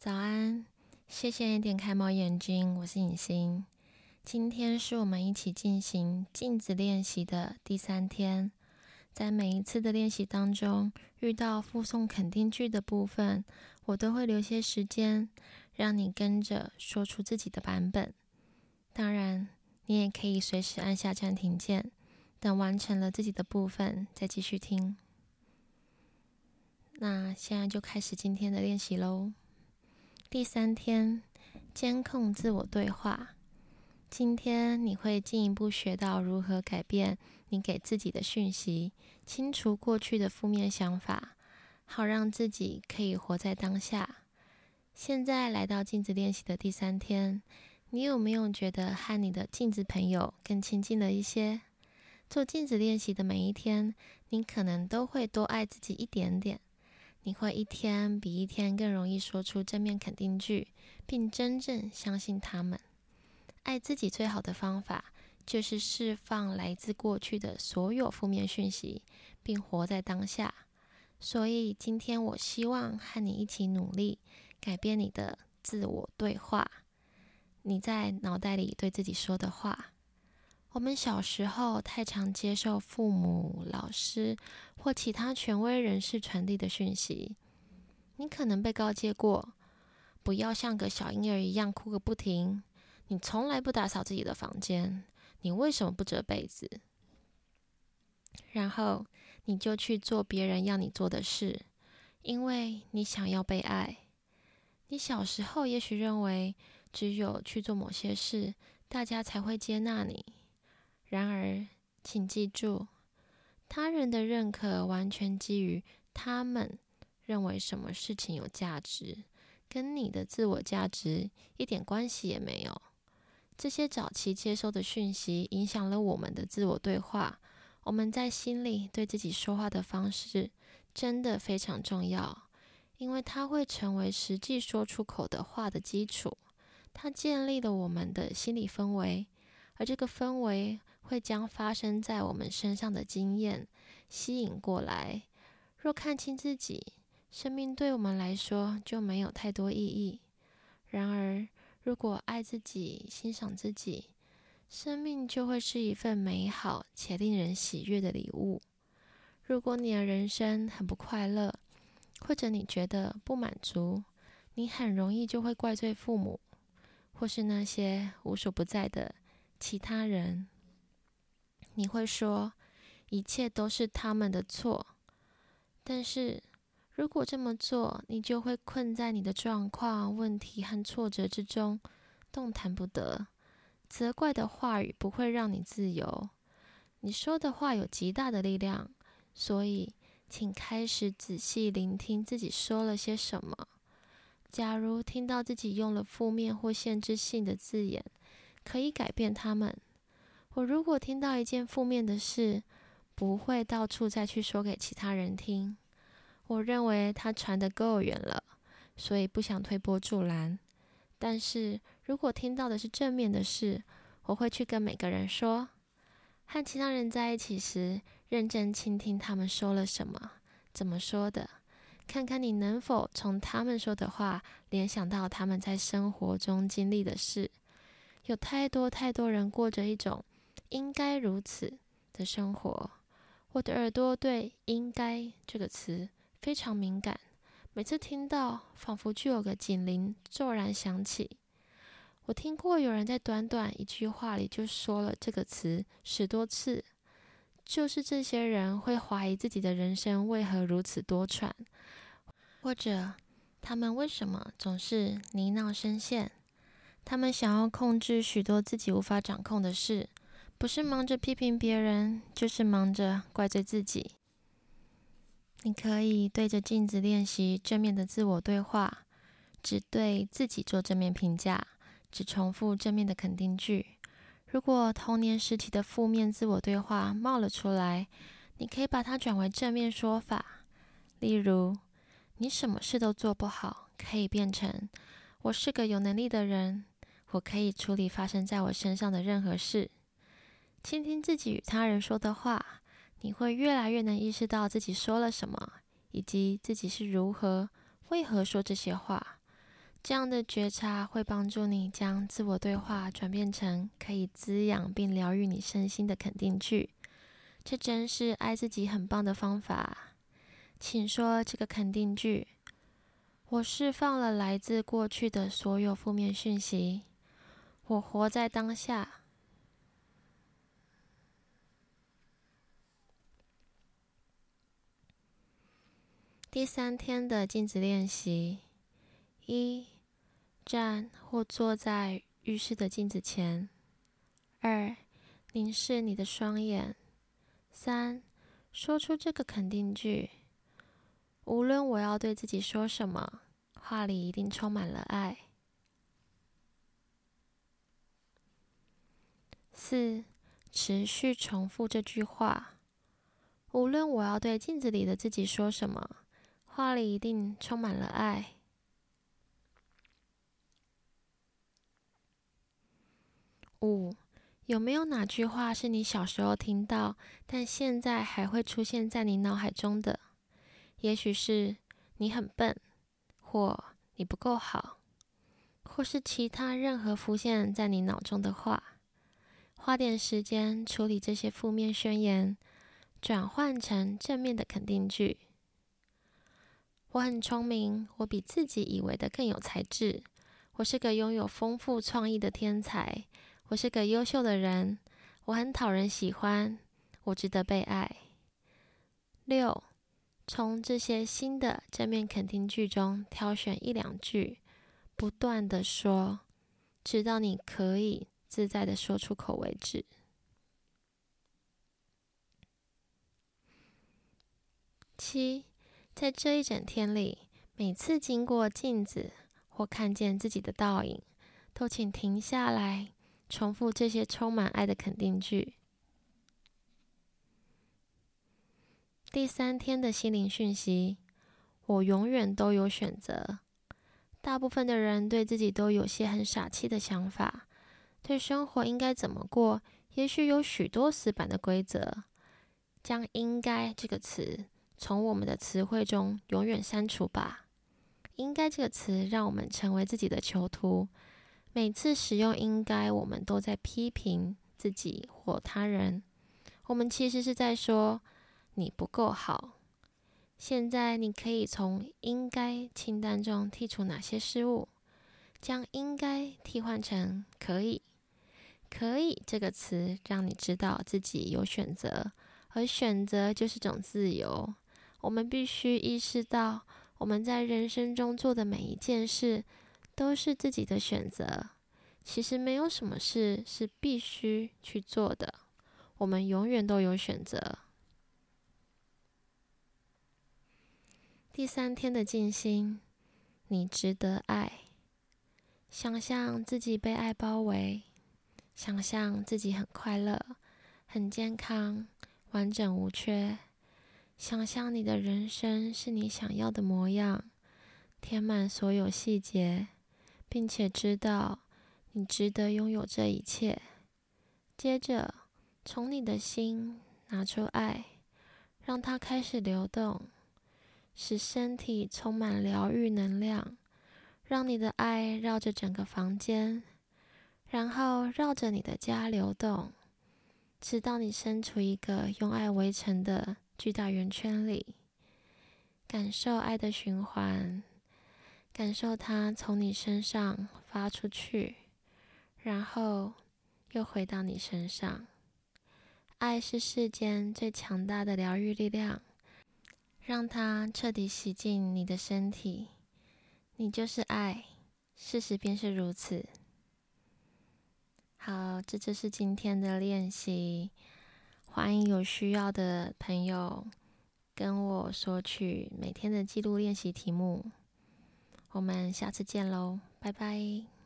早安，謝謝你點開貓眼睛，我是影星。今天是我們一起進行鏡子練習的第三天，在每一次的練習當中，遇到附送肯定句的部分，我都會留些時間讓你跟着說出自己的版本。當然，你也可以隨時按下暫停鍵，等完成了自己的部分再繼續聽。那現在就開始今天的練習嘍。第三天，監控自我對話。今天你會進一步學到如何改變你給自己的訊息，清除過去的負面想法，好讓自己可以活在當下。現在來到鏡子練習的第三天，你有沒有覺得和你的鏡子朋友更親近了一些？做鏡子練習的每一天，你可能都會多愛自己一點點。你會一天比一天更容易說出正面肯定句，並真正相信他們。愛自己最好的方法就是釋放來自過去的所有負面訊息，並活在當下。所以今天我希望和你一起努力，改變你的自我對話，你在腦袋裡對自己說的話。我們小時候太常接受父母、老師或其他權威人士傳遞的訊息。你可能被告誡過，不要像個小嬰兒一樣哭個不停。你從來不打掃自己的房間，你為什麼不折被子？然後你就去做別人要你做的事，因為你想要被愛。你小時候也許認為，只有去做某些事，大家才會接納你。然而，請記住，他人的認可完全基於他們認為什麼事情有價值，跟你的自我價值一點關係也沒有。這些早期接收的訊息影響了我們的自我對話，我們在心裡對自己說話的方式真的非常重要，因為它會成為實際說出口的話的基礎。它建立了我們的心理氛圍，而這個氛圍，會將發生在我們身上的經驗吸引過來。若看清自己，生命對我們來說就沒有太多意義。然而，如果愛自己、欣賞自己，生命就會是一份美好且令人喜悅的禮物。如果你的人生很不快樂，或者你覺得不滿足，你很容易就會怪罪父母，或是那些無所不在的其他人。你會說一切都是他們的錯，但是如果這麼做，你就會困在你的狀況、問題和挫折之中，動彈不得。責怪的話語不會讓你自由。你說的話有極大的力量，所以請開始仔細聆聽自己說了些什麼。假如聽到自己用了負面或限制性的字眼，可以改變他們。我如果聽到一件負面的事，不會到處再去說給其他人聽。我認為它傳得夠遠了，所以不想推波助瀾。但是如果聽到的是正面的事，我會去跟每個人說。和其他人在一起時，認真傾聽他們說了什麼，怎麼說的，看看你能否從他們說的話聯想到他們在生活中經歷的事。有太多太多人過着一種應該如此的生活，我的耳朵對“應該”這個詞非常敏感，每次聽到，仿佛就有個警鈴驟然響起。我聽過有人在短短一句話裡就說了這個詞十多次，就是這些人會懷疑自己的人生為何如此多舛，或者他們為什麼總是泥淖深陷，他們想要控制許多自己無法掌控的事。不是忙着批評別人，就是忙着怪罪自己。你可以對着鏡子練習正面的自我對話，只對自己做正面評價，只重複正面的肯定句。如果童年時期的負面自我對話冒了出來，你可以把它轉為正面說法。例如，你什麼事都做不好，可以變成“我是個有能力的人，我可以處理發生在我身上的任何事。”傾聽自己與他人說的話，你會越來越能意識到自己說了什麼，以及自己是如何、為何說這些話。這樣的覺察會幫助你將自我對話轉變成可以滋養並療癒你身心的肯定句。這真是愛自己很棒的方法。請說這個肯定句：我釋放了來自過去的所有負面訊息，我活在當下。第三天的鏡子練習：一、站或坐在浴室的鏡子前；二、凝視你的雙眼；三、說出這個肯定句：無論我要對自己說什麼，話裡一定充滿了愛。四、持續重複這句話：無論我要對鏡子裡的自己說什麼。話裡一定充滿了愛。五，有沒有哪句話是你小時候聽到，但現在還會出現在你腦海中的？也許是“你很笨”或“你不夠好”，或是其他任何浮現在你腦中的話。花點時間處理這些負面宣言，轉換成正面的肯定句。我很聰明，我比自己以為的更有才智。我是個擁有豐富創意的天才。我是個優秀的人。我很討人喜歡。我值得被愛。六，從這些新的正面肯定句中挑選一兩句，不斷地說，直到你可以自在地說出口為止。七。在這一整天裡，每次經過鏡子或看見自己的倒影，都請停下來，重複這些充滿愛的肯定句。第三天的心靈訊息：我永遠都有選擇。大部分的人對自己都有些很傻氣的想法，對生活應該怎麼過，也許有許多死板的規則。將“應該”這個詞，從我們的詞彙中永遠刪除吧。應該這個詞讓我們成為自己的囚徒。每次使用“應該”，我們都在批評自己或他人。我們其實是在說：“你不夠好。”現在，你可以從“應該”清單中剔除哪些事物，將“應該”替換成“可以”。“可以”這個詞讓你知道自己有選擇，而選擇就是種自由。我們必須意識到，我們在人生中做的每一件事都是自己的選擇。其實沒有什麼事是必須去做的，我們永遠都有選擇。第三天的靜心，你值得愛。想象自己被愛包圍，想象自己很快樂、很健康、完整無缺。想象你的人生是你想要的模樣，填滿所有細節，並且知道你值得擁有這一切。接着，從你的心拿出愛，讓它開始流動，使身體充滿療癒能量，讓你的愛繞着整個房間，然後繞着你的家流動，直到你身處一個用愛圍成的巨大圓圈裡，感受愛的循環，感受它從你身上發出去，然後又回到你身上。愛是世間最強大的療癒力量，讓它徹底洗淨你的身體。你就是愛，事實便是如此。好，這就是今天的練習。歡迎有需要的朋友跟我索取每天的鏡子練習題目。我們下次見嘍，拜拜。